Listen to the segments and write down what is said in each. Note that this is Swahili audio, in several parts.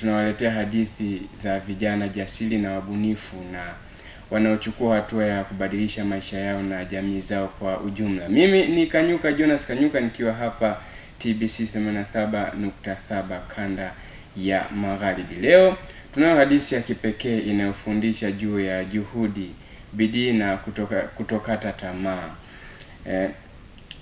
Tunawaletea hadithi za vijana jasiri na wabunifu na wanaochukua hatua ya kubadilisha maisha yao na jamii zao kwa ujumla. Mimi ni Kanyuka Jonas Kanyuka nikiwa hapa TBC 87.7 kanda ya Magharibi. Leo tunayo hadithi ya kipekee inayofundisha juu ya juhudi, bidii na kutoka, kutokata tamaa. Eh,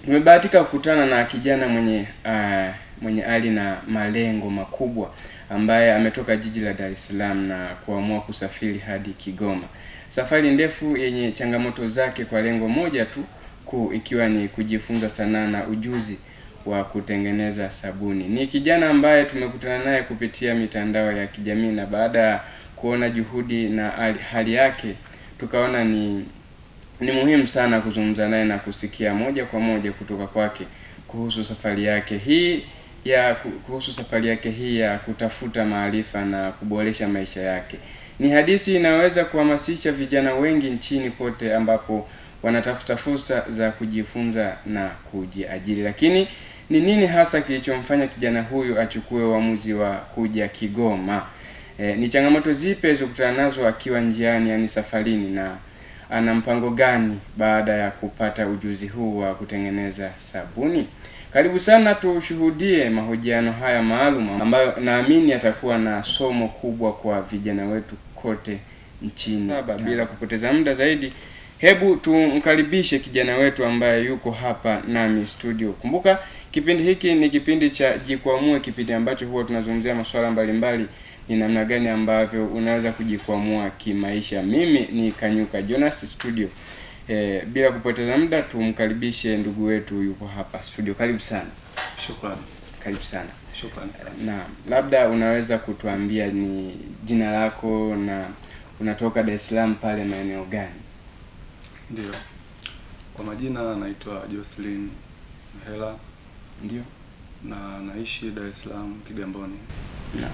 nimebahatika kukutana na kijana mwenye uh, mwenye ali na malengo makubwa ambaye ametoka jiji la Dar es Salaam na kuamua kusafiri hadi Kigoma. Safari ndefu yenye changamoto zake kwa lengo moja tu kuu ikiwa ni kujifunza sanaa na ujuzi wa kutengeneza sabuni. Ni kijana ambaye tumekutana naye kupitia mitandao ya kijamii na baada ya kuona juhudi na hali yake tukaona ni ni muhimu sana kuzungumza naye na kusikia moja kwa moja kutoka kwake kuhusu safari yake hii ya kuhusu safari yake hii ya kutafuta maarifa na kuboresha maisha yake. Ni hadithi inaweza kuhamasisha vijana wengi nchini pote ambapo wanatafuta fursa za kujifunza na kujiajiri. Lakini ni nini hasa kilichomfanya kijana huyu achukue uamuzi wa kuja Kigoma? E, ni changamoto zipi alizokutana nazo akiwa njiani, yani safarini, na ana mpango gani baada ya kupata ujuzi huu wa kutengeneza sabuni? Karibu sana tushuhudie mahojiano haya maalum ambayo naamini yatakuwa na somo kubwa kwa vijana wetu kote nchini. Saba, bila kupoteza muda zaidi, hebu tumkaribishe kijana wetu ambaye yuko hapa nami studio. Kumbuka kipindi hiki ni kipindi cha Jikwamue, kipindi ambacho huwa tunazungumzia masuala mbalimbali ni namna gani ambavyo unaweza kujikwamua kimaisha. Mimi ni Kanyuka Jonas studio. E, bila kupoteza muda tumkaribishe ndugu wetu yupo hapa studio. Karibu sana. Shukrani. Karibu sana. Shukrani sana. Eh, naam, labda unaweza kutuambia ni jina lako na unatoka Dar es Salaam pale maeneo gani? Ndio. Kwa majina naitwa Jocelyn Hela. Ndio. Na naishi Dar es Salaam Kigamboni. Naam.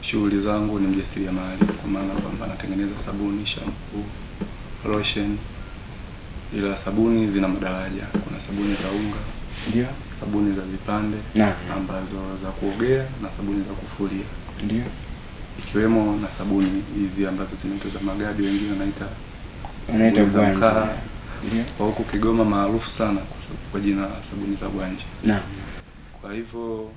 Shughuli zangu ni mjasiriamali kwa maana kwamba natengeneza sabuni, shampoo, lotion ila sabuni zina madaraja. Kuna sabuni za unga, ndio sabuni za vipande nah, ambazo za kuogea na sabuni za kufulia, ndio ikiwemo na sabuni hizi ambazo zinaitwa za magadi, wengine wanaita wanaita gwanja, kwa huku Kigoma maarufu sana kwa jina la sabuni za gwanja. nah. kwa hivyo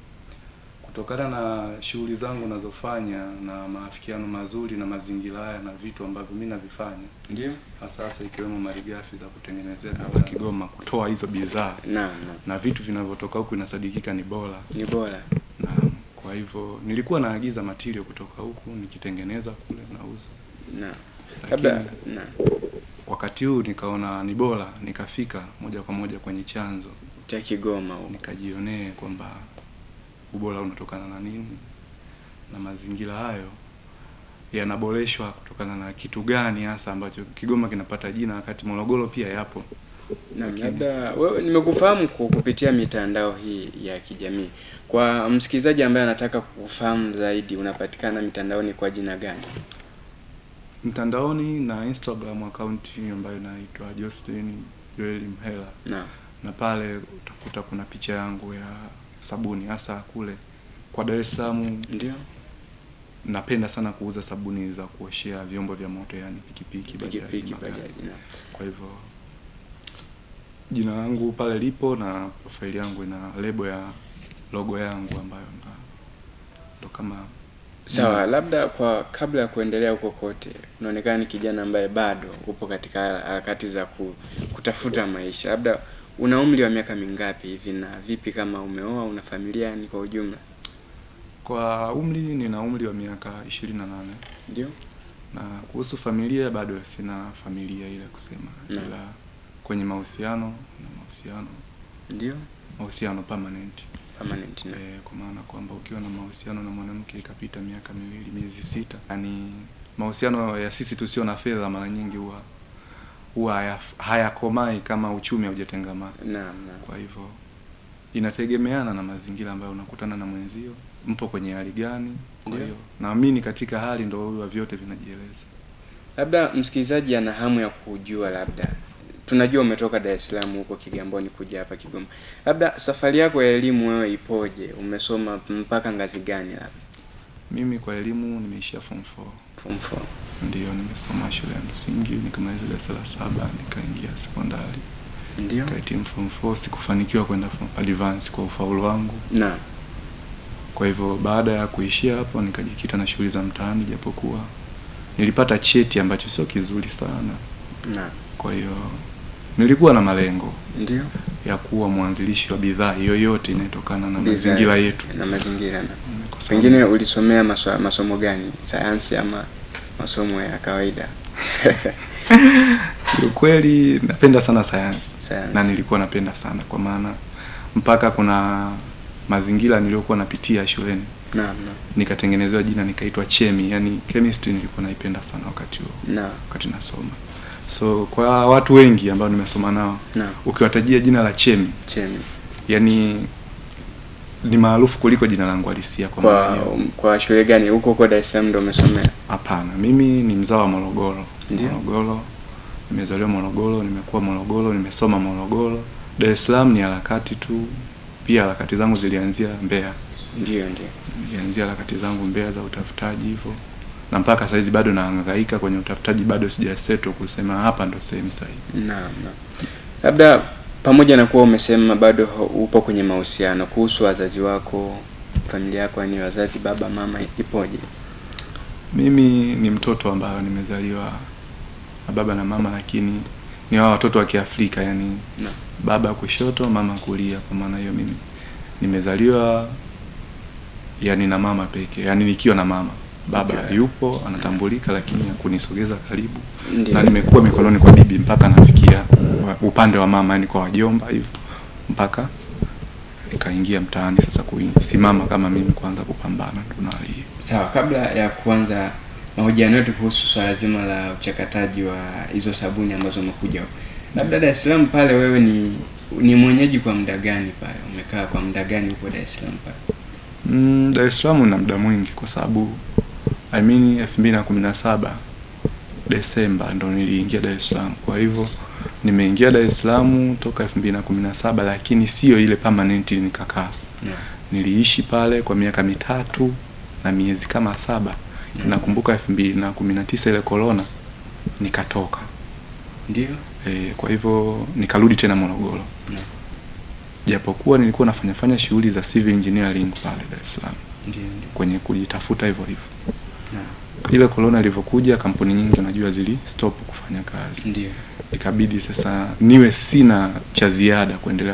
kutokana na shughuli zangu nazofanya na maafikiano mazuri na mazingira haya na vitu ambavyo mi navifanya, ndio hasasa ikiwemo malighafi za kutengenezea dawa Kigoma, kutoa hizo bidhaa na, na, na vitu vinavyotoka huku inasadikika ni bora, ni bora na kwa hivyo nilikuwa naagiza matirio kutoka huku nikitengeneza kule nauza na. Lakini na. wakati huu nikaona ni bora nikafika moja kwa moja kwenye chanzo cha Kigoma nikajionee kwamba ubora unatokana na nini, na mazingira hayo yanaboreshwa kutokana na kitu gani hasa ambacho Kigoma kinapata jina, wakati Morogoro pia yapo. Na labda wewe, nimekufahamu kupitia mitandao hii ya kijamii. Kwa msikilizaji ambaye anataka kufahamu zaidi, unapatikana mitandaoni kwa jina gani? Mtandaoni na Instagram account ambayo inaitwa Justin Joel Mhela na. na pale utakuta kuna picha yangu ya sabuni hasa kule kwa Dar es Salaam. Ndio napenda sana kuuza sabuni za kuoshea vyombo vya moto, yani pikipiki, bajaji. Kwa hivyo jina langu pale lipo na profaili yangu ina lebo ya logo yangu ambayo na ndo kama sawa. Labda kwa kabla ya kuendelea huko kote, unaonekana ni kijana ambaye bado upo katika harakati za kutafuta maisha, labda Una umri wa miaka mingapi hivi na vipi kama umeoa, una familia ni kwa ujumla? Kwa umri nina umri wa miaka ishirini na nane. Ndio. Na kuhusu familia bado sina familia ile kusema na. Ila kwenye mahusiano na mahusiano. Ndio. Mahusiano permanent. Permanent. E, kwa maana kwamba ukiwa na mahusiano na mwanamke ikapita miaka miwili miezi sita, yani mahusiano ya sisi tusio na fedha mara nyingi huwa huwa hayakomai kama uchumi haujatengamana. Naam, naam. Kwa hivyo inategemeana na mazingira ambayo unakutana na mwenzio, mpo kwenye hali gani? Kwa hiyo naamini katika hali ndio huwa vyote vinajieleza. Labda msikilizaji ana hamu ya kujua, labda tunajua umetoka Dar es Salaam huko Kigamboni kuja hapa Kigoma, labda safari yako ya elimu wewe ipoje? Umesoma mpaka ngazi gani? Labda mimi kwa elimu nimeishia form form 4. Ndio, nimesoma shule ya msingi nikamaliza darasa la saba nikaingia sekondari. Ndio. Nikahitimu form 4 sikufanikiwa kwenda advance kwa ufaulu wangu. Na. Kwa hivyo baada ya kuishia hapo nikajikita na shughuli za mtaani japokuwa nilipata cheti ambacho sio kizuri sana. Na. Kwa hiyo nilikuwa na malengo ndio ya kuwa mwanzilishi wa bidhaa yoyote inayotokana na mazingira yetu na mazingira. Pengine ulisomea masomo gani? Sayansi ama masomo ya kawaida? kweli napenda sana sayansi, na nilikuwa napenda sana kwa maana mpaka kuna mazingira niliyokuwa napitia shuleni naam, Nikatengenezewa jina nikaitwa chemi, yani chemistry nilikuwa naipenda sana wakati huo wakati nasoma So kwa watu wengi ambao nimesoma nao na, ukiwatajia jina la Chemi, Chemi yani ni maarufu kuliko jina langu halisia. Kwa kwa, kwa shule gani huko huko Dar es Salaam ndio umesomea? Hapana, mimi ni mzao wa Morogoro. Morogoro nimezaliwa Morogoro, nimekuwa Morogoro, nimesoma Morogoro. Dar es Salaam ni harakati tu, pia harakati zangu zilianzia Mbeya. Ndio, ndio, nilianzia harakati zangu Mbeya za utafutaji hivyo na mpaka saa hizi bado naangaika kwenye utafutaji, bado sijaseto kusema hapa ndo sehemu sahihi. Naam, labda pamoja na kuwa umesema bado upo kwenye mahusiano, kuhusu wazazi wako, familia yako, yaani wazazi, baba, mama, ipoje? Mimi ni mtoto ambayo nimezaliwa na baba na mama, lakini ni wa watoto wa Kiafrika, yani na baba kushoto, mama kulia. Kwa maana hiyo mimi nimezaliwa yani na mama pekee, yani nikiwa na mama baba okay. Yupo anatambulika, lakini hakunisogeza karibu Ndiyo. na nimekuwa mikononi kwa bibi mpaka nafikia upande wa mama, yani kwa wajomba hivyo, mpaka nikaingia mtaani sasa kusimama kama mimi, kuanza kupambana tunali. Sawa, kabla ya kuanza mahojiano yetu kuhusu swala zima la uchakataji wa hizo sabuni ambazo umekuja labda Dar es Salaam pale, wewe ni ni mwenyeji kwa muda gani pale? Umekaa kwa muda gani huko Dar es Salaam pale? Mm, Dar es Salaam na muda mwingi kwa sababu I mean elfu mbili na kumi na saba Desemba ndo niliingia Dar es Salaam. Kwa hivyo nimeingia Dar es Salaam toka elfu mbili na kumi na saba lakini sio ile permanent nikakaa. Yeah. Niliishi pale kwa miaka mitatu na miezi kama saba. Yeah. Nakumbuka elfu mbili na kumi na tisa ile corona nikatoka. Ndio. E, kwa hivyo nikarudi tena Morogoro. Yeah. Japokuwa nilikuwa nafanya fanya shughuli za civil engineering pale Dar es Salaam. Ndio. Kwenye kujitafuta hivyo hivyo. Ile corona ilivyokuja, kampuni nyingi unajua zili stop kufanya kazi, ndio ikabidi sasa niwe sina cha ziada kuendelea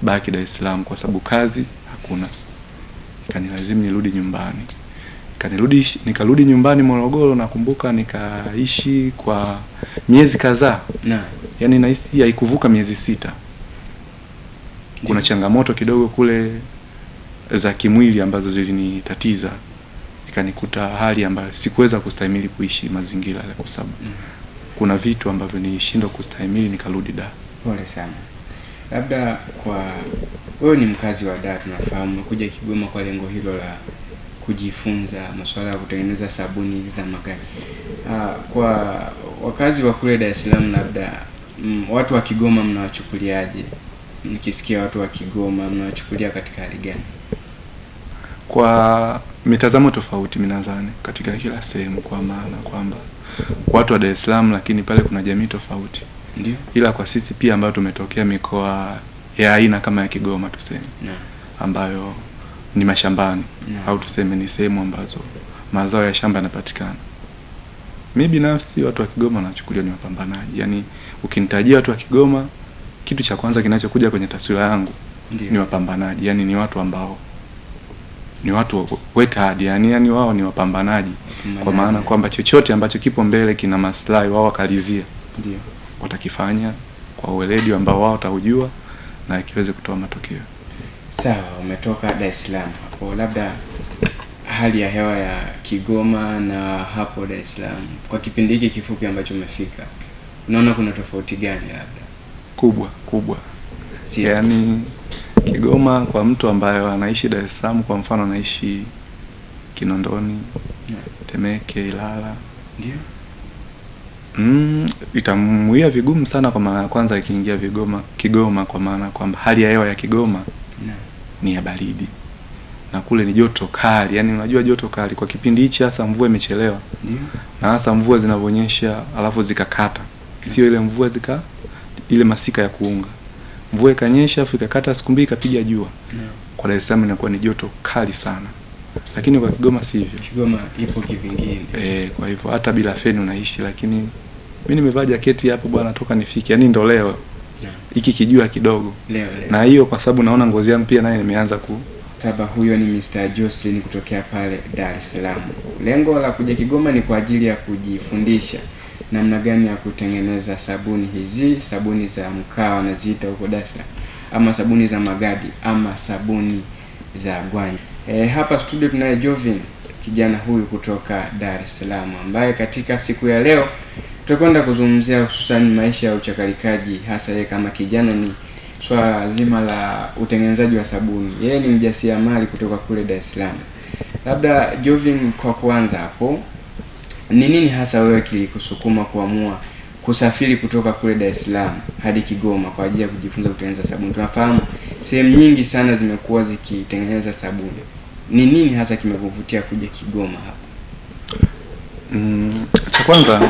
kubaki Dar es Salaam kwa sababu kazi hakuna, ikanilazimu nirudi nyumbani. Kanirudi, nikarudi nyumbani Morogoro, nakumbuka nikaishi kwa miezi kadhaa na. yaani nahisi haikuvuka miezi sita. Kuna changamoto kidogo kule za kimwili ambazo zilinitatiza ikanikuta hali ambayo sikuweza kustahimili kuishi mazingira yale, kwa sababu mm. kuna vitu ambavyo nilishindwa kustahimili nikarudi da Pole sana. Labda kwa wewe, ni mkazi wa da tunafahamu umekuja Kigoma kwa lengo hilo la kujifunza masuala ya kutengeneza sabuni hizi za magari. Ah, kwa wakazi wa kule Dar es Salaam, labda m, mm, watu wa Kigoma mnawachukuliaje? Nikisikia watu wa Kigoma mnawachukulia katika hali gani? kwa mitazamo tofauti minazani katika kila sehemu, kwa maana kwamba watu wa Dar es Salaam, lakini pale kuna jamii tofauti ndio, Ila kwa sisi pia ambayo tumetokea mikoa ya aina kama ya Kigoma tuseme yeah, ambayo ni mashambani yeah, au tuseme ni sehemu ambazo mazao ya shamba yanapatikana. Mi binafsi watu wa Kigoma wanachukulia ni wapambanaji, yaani ukinitajia watu wa Kigoma, kitu cha kwanza kinachokuja kwenye taswira yangu ni wapambanaji, yaani ni watu ambao ni watu weka hadi yani yani wao ni wapambanaji, Mbana Kwa maana kwamba chochote ambacho kipo mbele kina maslahi wao wakalizia, ndio watakifanya kwa uweledi ambao wao wataujua na ikiweze kutoa matokeo sawa. Umetoka Dar es Salaam hapo, labda hali ya hewa ya Kigoma na hapo Dar es Salaam kwa kipindi hiki kifupi ambacho umefika, unaona kuna tofauti gani? Labda kubwa kubwa, yaani Kigoma kwa mtu ambaye anaishi Dar es Salaam, kwa mfano anaishi Kinondoni, yeah. Temeke, Ilala, yeah. mm, itamuia vigumu sana kwa mara ya kwanza akiingia Vigoma Kigoma, kwa maana kwamba hali ya hewa ya Kigoma yeah. ni ya baridi na kule ni joto kali, yani unajua joto kali kwa kipindi hichi, hasa mvua imechelewa yeah. na hasa mvua zinavyonyesha alafu zikakata, sio ile mvua zika ile masika ya kuunga mvua ikanyesha afu ikakata siku mbili ikapiga jua yeah. Kwa Dar es Salaam inakuwa ni joto kali sana, lakini kwa Kigoma si hivyo. Kigoma ipo kivingine eh, kwa hivyo hata bila feni unaishi. Lakini mimi nimevaa jaketi hapo bwana, toka nifike, yani ndo leo hiki yeah. kijua kidogo leo, leo. Na hiyo kwa sababu naona ngozi yangu pia naye nimeanza ku Saba huyo ni Mr. Jocelyn kutokea pale Dar es Salaam. Lengo la kuja Kigoma ni kwa ajili ya kujifundisha namna gani ya kutengeneza sabuni hizi, sabuni za mkaa wanaziita huko Dasa, ama sabuni za magadi ama sabuni za gwani. E, hapa studio tunaye Jovin, kijana huyu kutoka Dar es Salaam, ambaye katika siku ya leo tutakwenda kuzungumzia hususan maisha ya uchakalikaji, hasa yeye kama kijana ni swala zima la utengenezaji wa sabuni. Yeye ni mjasiriamali kutoka kule Dar es Salaam. Labda Jovin, kwa kwanza hapo ni nini hasa wewe kilikusukuma kuamua kusafiri kutoka kule Dar es Salaam hadi Kigoma kwa ajili ya kujifunza kutengeneza sabuni? Tunafahamu sehemu nyingi sana zimekuwa zikitengeneza sabuni. Ni nini hasa kimekuvutia kuja Kigoma hapa? Mm, cha kwanza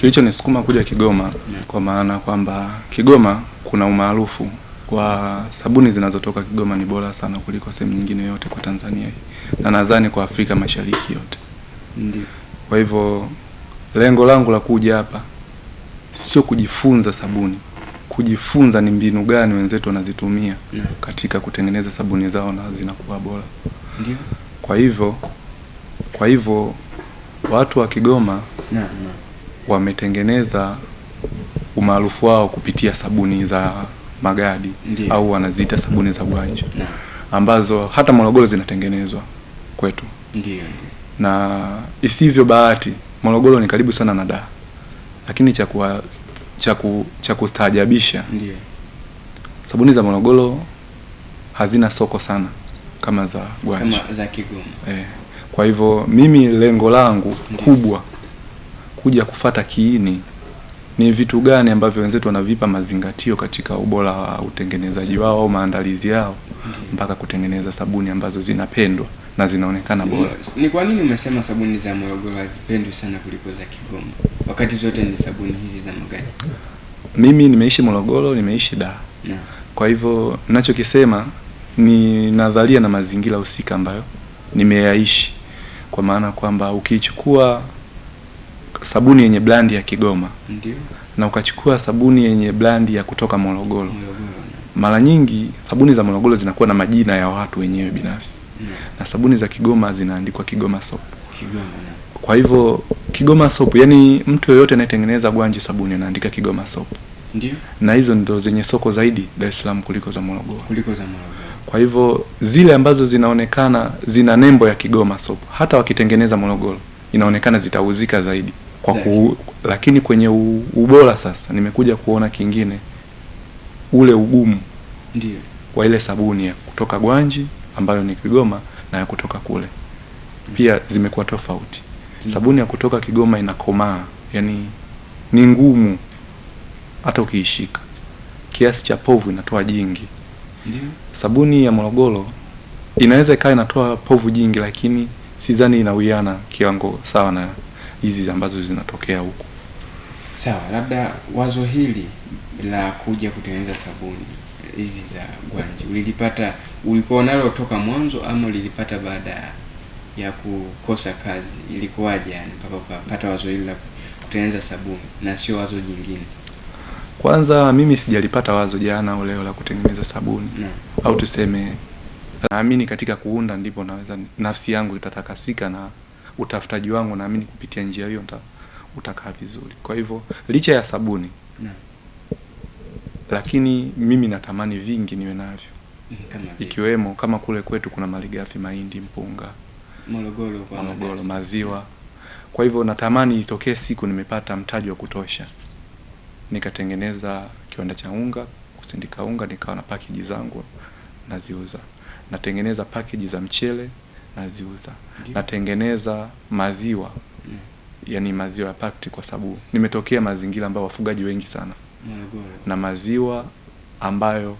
kilicho nisukuma kuja Kigoma yeah, kwa maana kwamba Kigoma kuna umaarufu wa sabuni zinazotoka Kigoma ni bora sana kuliko sehemu nyingine yote kwa Tanzania na nadhani kwa Afrika Mashariki yote. Ndiyo. Kwa hivyo lengo langu la kuja hapa sio kujifunza sabuni, kujifunza ni mbinu gani wenzetu wanazitumia yeah. Mm. katika kutengeneza sabuni zao na zinakuwa bora yeah. kwa hivyo kwa hivyo watu wa Kigoma yeah, wametengeneza umaarufu wao kupitia sabuni za magadi yeah. au wanaziita sabuni za gwanja yeah. ambazo hata Morogoro zinatengenezwa kwetu yeah na isivyo bahati Morogoro ni karibu sana na Dar, lakini cha kuwa cha kustaajabisha sabuni za Morogoro hazina soko sana kama za Gwanji, kama za Kigoma eh. Kwa hivyo mimi lengo langu kubwa kuja kufata kiini ni vitu gani ambavyo wenzetu wanavipa mazingatio katika ubora wa utengenezaji wao au maandalizi yao mpaka kutengeneza sabuni ambazo zinapendwa na zinaonekana bora. Ni kwa nini umesema sabuni za Morogoro hazipendwi sana kuliko za Kigoma wakati zote ni sabuni hizi za magari Mimi nimeishi Morogoro, nimeishi da yeah. Kwa hivyo ninachokisema ni nadharia na mazingira husika ambayo nimeyaishi, kwa maana kwamba ukiichukua sabuni yenye blandi ya Kigoma Ndiyo. na ukachukua sabuni yenye brandi ya kutoka Morogoro, mara nyingi sabuni za Morogoro zinakuwa na majina ya watu wenyewe binafsi na sabuni za Kigoma zinaandikwa Kigoma soap. Kigoma. Kwa hivyo Kigoma soap, yani mtu yoyote anayetengeneza gwanji sabuni anaandika Kigoma soap. Ndiyo. Na hizo ndo zenye soko zaidi Dar es Salaam kuliko za Morogoro. Kuliko za Morogoro. Kwa hivyo zile ambazo zinaonekana zina nembo ya Kigoma soap, hata wakitengeneza Morogoro inaonekana zitauzika zaidi kwa ku, lakini kwenye u, ubora sasa nimekuja kuona kingine ule ugumu Ndiyo. wa ile sabuni ya kutoka Gwanji ambayo ni Kigoma na ya kutoka kule pia zimekuwa tofauti. Sabuni ya kutoka Kigoma inakomaa, yani ni ngumu hata ukiishika, kiasi cha povu inatoa jingi. Sabuni ya Morogoro inaweza ikawa inatoa povu jingi, lakini sidhani inawiana kiwango sawa na hizi ambazo zinatokea huku. Sawa, labda wazo hili la kuja kutengeneza sabuni hizi za Gwanji ulilipata, ulikuwa nalo toka mwanzo ama ulilipata baada ya kukosa kazi? Ilikuwaje yani mpaka ukapata wazo hili la kutengeneza sabuni na sio wazo jingine? Kwanza mimi sijalipata wazo jana uleo la kutengeneza sabuni na, au tuseme naamini katika kuunda ndipo naweza nafsi yangu itatakasika na utafutaji wangu naamini kupitia njia hiyo utakaa vizuri. Kwa hivyo licha ya sabuni na lakini mimi natamani vingi niwe navyo mm, kama ikiwemo kama kule kwetu kuna malighafi mahindi, mpunga, Morogoro, Morogoro maziwa. Kwa hivyo natamani itokee siku nimepata mtaji wa kutosha nikatengeneza kiwanda cha unga, kusindika unga, nikawa na package zangu naziuza, natengeneza package za mchele naziuza, natengeneza maziwa, mm. yani maziwa ya pakti, kwa sababu nimetokea mazingira ambayo wafugaji wengi sana na maziwa ambayo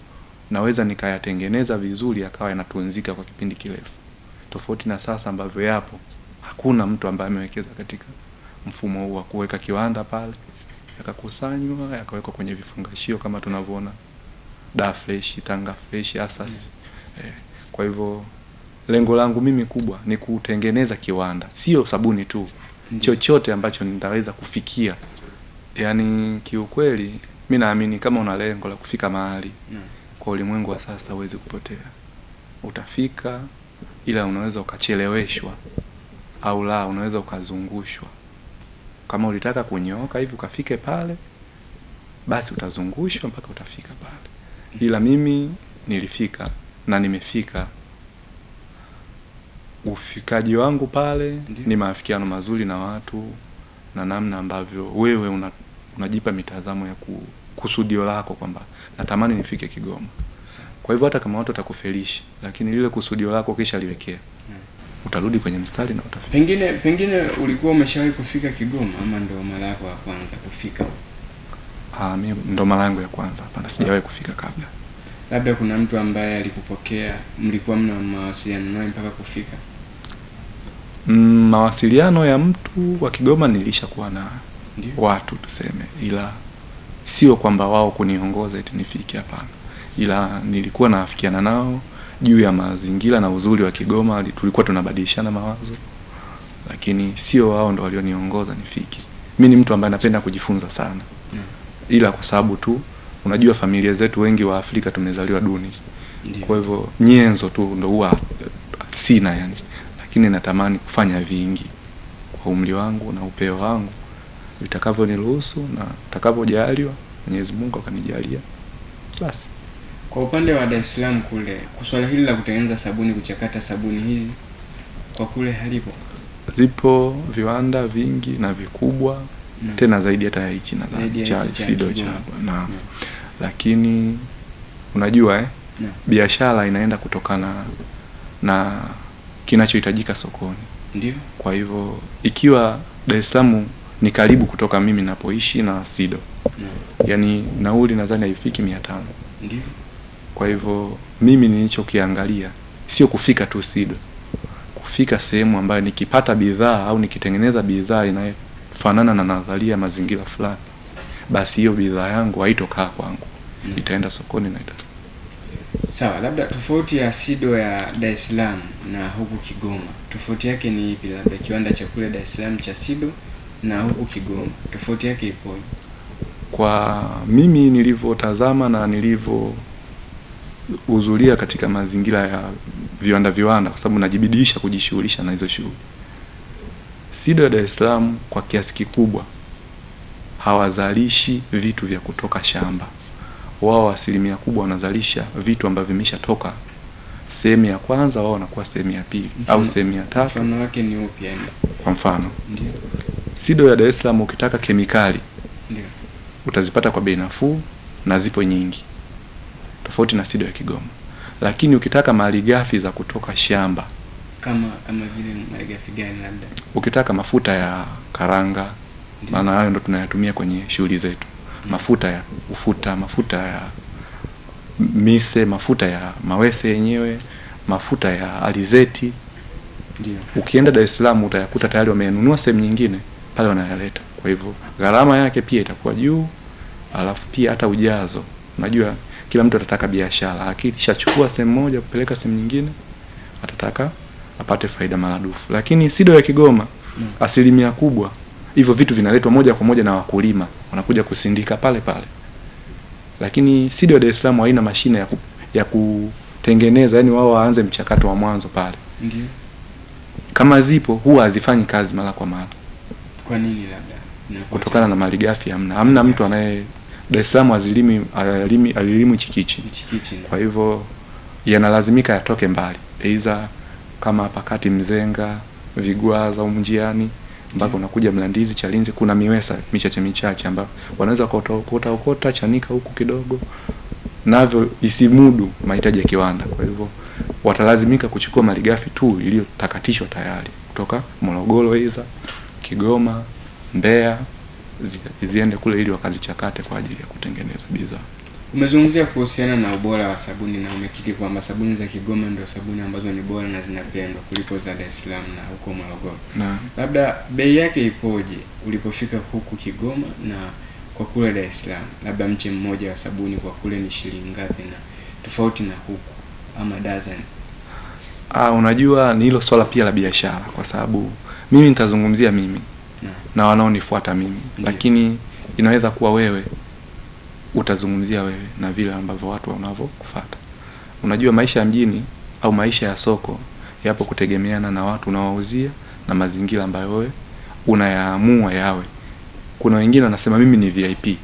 naweza nikayatengeneza vizuri akawa yanatunzika kwa kipindi kirefu, tofauti na sasa ambavyo yapo. Hakuna mtu ambaye amewekeza katika mfumo huu wa kuweka kiwanda pale, yakakusanywa yakawekwa kwenye vifungashio kama tunavyoona da fresh, Tanga fresh, asas mm. eh. Kwa hivyo lengo langu mimi kubwa ni kutengeneza kiwanda, sio sabuni tu, chochote ambacho nitaweza kufikia, yaani kiukweli mi naamini kama una lengo la kufika mahali mm. kwa ulimwengu wa sasa huwezi kupotea, utafika, ila unaweza ukacheleweshwa au la, unaweza ukazungushwa. Kama ulitaka kunyooka hivi ukafike pale, basi utazungushwa mpaka utafika pale, ila mimi nilifika na nimefika. Ufikaji wangu pale Ndiyo. ni maafikiano mazuri na watu na namna ambavyo wewe una unajipa mitazamo ya ku, kusudio lako kwamba natamani nifike Kigoma. Kwa hivyo hata kama watu watakufelishi, lakini lile kusudio lako kisha liwekea, hmm. utarudi kwenye mstari na utafika. Pengine pengine ulikuwa umeshawahi kufika Kigoma ama ndo mara yako ya kwanza kufika? Ah, mimi ndo mara yangu ya kwanza. Hapana, sijawahi kufika kabla. Labda kuna mtu ambaye alikupokea, mlikuwa mna mawasiliano naye mpaka kufika? Mm, mawasiliano ya mtu wa Kigoma nilishakuwa na Ndiyo. watu tuseme, ila sio kwamba wao kuniongoza eti nifike, hapana, ila nilikuwa naafikiana nao juu ya mazingira na uzuri wa Kigoma, tulikuwa tunabadilishana mawazo, lakini sio wao ndo walioniongoza nifike. Mi ni mtu ambaye napenda kujifunza sana, ila kwa sababu tu unajua familia zetu wengi wa Afrika tumezaliwa duni, kwa hivyo nyenzo tu ndo huwa sina yani, lakini natamani kufanya vingi kwa umri wangu na upeo wangu vitakavyoniruhusu na takavyojaliwa Mwenyezi Mungu akanijalia basi. Kwa upande wa Dar es Salaam kule, kuswala hili la kutengeneza sabuni, kuchakata sabuni hizi kwa kule halipo, zipo viwanda vingi na vikubwa na tena zaidi hata ya hichi nadhani cha Isido cha na, lakini unajua eh, biashara inaenda kutokana na, na kinachohitajika sokoni. Ndiyo. Kwa hivyo ikiwa Dar es Salaam ni karibu kutoka mimi napoishi na Sido yeah. Yaani nauli nadhani haifiki mia tano yeah. Kwa hivyo mimi nilichokiangalia sio kufika tu Sido, kufika sehemu ambayo nikipata bidhaa au nikitengeneza bidhaa inayofanana na nadharia mazingira fulani, basi hiyo bidhaa yangu haitokaa kwangu yeah. Mm. Itaenda sokoni na ita Sawa, labda tofauti ya Sido ya Dar es Salaam na huku Kigoma, tofauti yake ni ipi? Labda kiwanda cha kule Dar es Salaam cha Sido na huku Kigoma, tofauti yake ipoje? Kwa mimi nilivyotazama na nilivyohudhuria katika mazingira ya viwanda viwanda, kwa sababu najibidisha kujishughulisha na hizo shughuli, SIDO ya Dar es Salaam kwa kiasi kikubwa hawazalishi vitu vya kutoka shamba. Wao asilimia kubwa wanazalisha vitu ambavyo vimeshatoka sehemu ya kwanza, wao wanakuwa sehemu ya pili mfano, au sehemu ya tatu. Mfano wake ni upi Kwa mfano SIDO ya Dar es Salaam ukitaka kemikali yeah, utazipata kwa bei nafuu na zipo nyingi tofauti na SIDO ya Kigoma, lakini ukitaka malighafi za kutoka shamba kama, kama vile malighafi gani? Labda ukitaka mafuta ya karanga, maana hayo ndo tunayatumia kwenye shughuli zetu yeah. Mm. mafuta ya ufuta, mafuta ya mise, mafuta ya mawese yenyewe, mafuta ya alizeti. yeah. Ukienda Dar es Salaam utayakuta tayari wamenunua sehemu nyingine pale wanayaleta. Kwa hivyo gharama yake pia itakuwa juu, alafu pia hata ujazo, unajua kila mtu atataka biashara, akishachukua sehemu moja kupeleka sehemu nyingine atataka apate faida maradufu. Lakini SIDO ya Kigoma hmm, asilimia kubwa hivyo vitu vinaletwa moja kwa moja na wakulima wanakuja kusindika pale pale, lakini SIDO ya Dar es Salaam haina mashine ya, ku, ya kutengeneza, yani wao waanze mchakato wa mwanzo pale. Ndiyo. kama zipo huwa hazifanyi kazi mara kwa mara. Kwa nini labda? Kutokana na malighafi hamna. Hamna mtu anaye Dar es Salaam azilimi alilimi, alilimi chikichi. Chikichi. Kwa hivyo yanalazimika yatoke mbali. Aidha kama pakati Mzenga, Vigwaza au Mjiani ambako unakuja Mlandizi, chalinzi kuna miwesa michache michache ambapo wanaweza kuota okota Chanika huku kidogo navyo isimudu mahitaji ya kiwanda. Kwa hivyo watalazimika kuchukua malighafi tu iliyotakatishwa tayari kutoka Morogoro iza Kigoma, Mbeya ziende kule ili wakazichakate kwa ajili ya kutengeneza bidhaa. Umezungumzia kuhusiana na ubora wa sabuni na umekiri kwamba sabuni za Kigoma ndio sabuni ambazo ni bora na zinapendwa kuliko za Dar es Salaam na huko Morogoro. Labda bei yake ipoje ulipofika huku Kigoma na kwa kule Dar es Salaam? Labda mche mmoja wa sabuni kwa kule ni shilingi ngapi na tofauti na huku ama dozen? Ah, unajua ni hilo swala pia la biashara kwa sababu mimi nitazungumzia mimi na, na wanaonifuata mimi Ndiyo. Lakini inaweza kuwa wewe utazungumzia wewe na vile ambavyo watu wanavyokufuata. Unajua, maisha ya mjini au maisha ya soko yapo kutegemeana na watu unawauzia na mazingira ambayo wewe unayaamua yawe. Kuna wengine wanasema mimi ni VIP,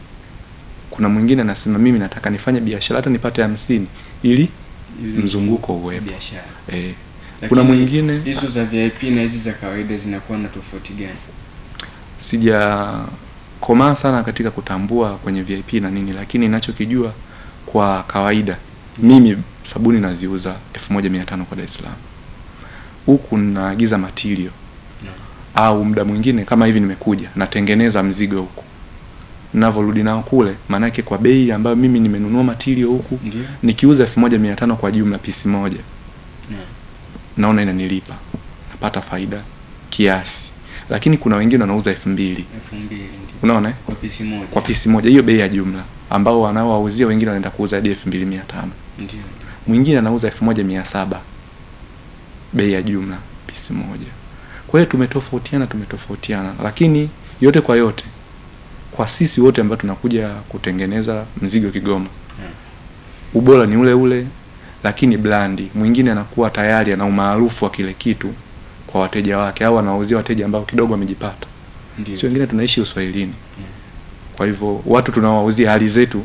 kuna mwingine anasema mimi nataka nifanye biashara hata nipate hamsini ili mzunguko uwepo. Eh kuna mwingine hizo za VIP na hizi za kawaida zinakuwa na tofauti gani? Sijakomaa sana katika kutambua kwenye VIP na nini, lakini ninachokijua kwa kawaida -hmm. mimi sabuni naziuza 1500 kwa Dar es Salaam, huku naagiza matirio -hmm. au muda mwingine kama hivi nimekuja natengeneza mzigo huku navyorudi nao kule, maanake kwa bei ambayo mimi nimenunua matirio huku mm -hmm. nikiuza 1500 kwa jumla pisi moja naona inanilipa, napata faida kiasi, lakini kuna wengine wanauza elfu mbili unaona, kwa pisi moja, hiyo bei ya jumla ambao wanaowauzia wengine wanaenda kuuza hadi elfu mbili mia tano mwingine anauza elfu moja mia saba bei ya jumla pisi moja. Kwa hiyo tumetofautiana, tumetofautiana, lakini yote kwa yote, kwa sisi wote ambao tunakuja kutengeneza mzigo Kigoma, ubora ni ule ule lakini blandi, mwingine anakuwa tayari ana umaarufu wa kile kitu kwa wateja wake, au anawauzia wateja ambao kidogo wamejipata. Si wengine tunaishi uswahilini, kwa hivyo watu tunawauzia hali zetu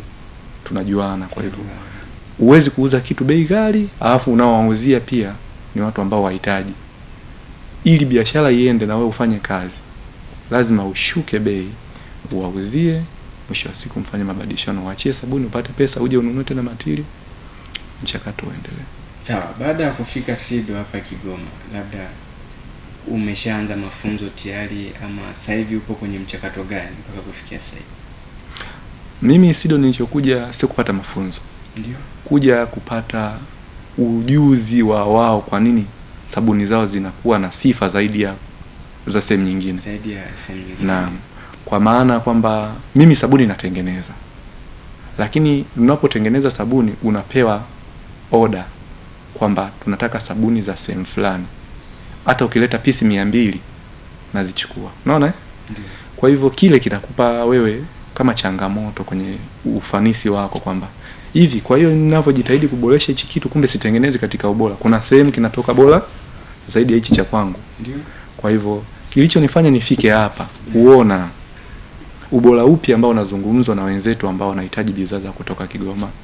tunajuana. Kwa hivyo huwezi kuuza kitu bei ghali alafu unaowauzia pia ni watu ambao wahitaji. Ili biashara iende na wewe ufanye kazi, lazima ushuke bei, uwauzie, mwisho wa siku mfanye mabadilishano, uachie sabuni upate pesa, uje ununue tena matili mchakato uendelee. Sawa, baada ya kufika SIDO hapa Kigoma, labda umeshaanza mafunzo tayari ama sasa hivi upo kwenye mchakato gani mpaka kufikia sasa hivi? Mimi SIDO nilichokuja sio kupata mafunzo, ndio kuja kupata ujuzi wa wao, kwa nini sabuni zao zinakuwa na sifa zaidi ya za sehemu nyingine, zaidi ya sehemu nyingine. Naam, kwa maana kwamba mimi sabuni natengeneza, lakini unapotengeneza sabuni unapewa oda kwamba tunataka sabuni za sehemu fulani, hata ukileta pisi mia mbili nazichukua, unaona eh? Kwa hivyo kile kinakupa wewe kama changamoto kwenye ufanisi wako kwamba hivi, kwa hiyo ninavyojitahidi kuboresha hichi kitu, kumbe sitengenezi katika ubora, kuna sehemu kinatoka bora zaidi ya hichi cha kwangu. Kwa hivyo kilichonifanya nifike hapa kuona ubora upya ambao unazungumzwa na wenzetu ambao wanahitaji bidhaa za kutoka Kigoma.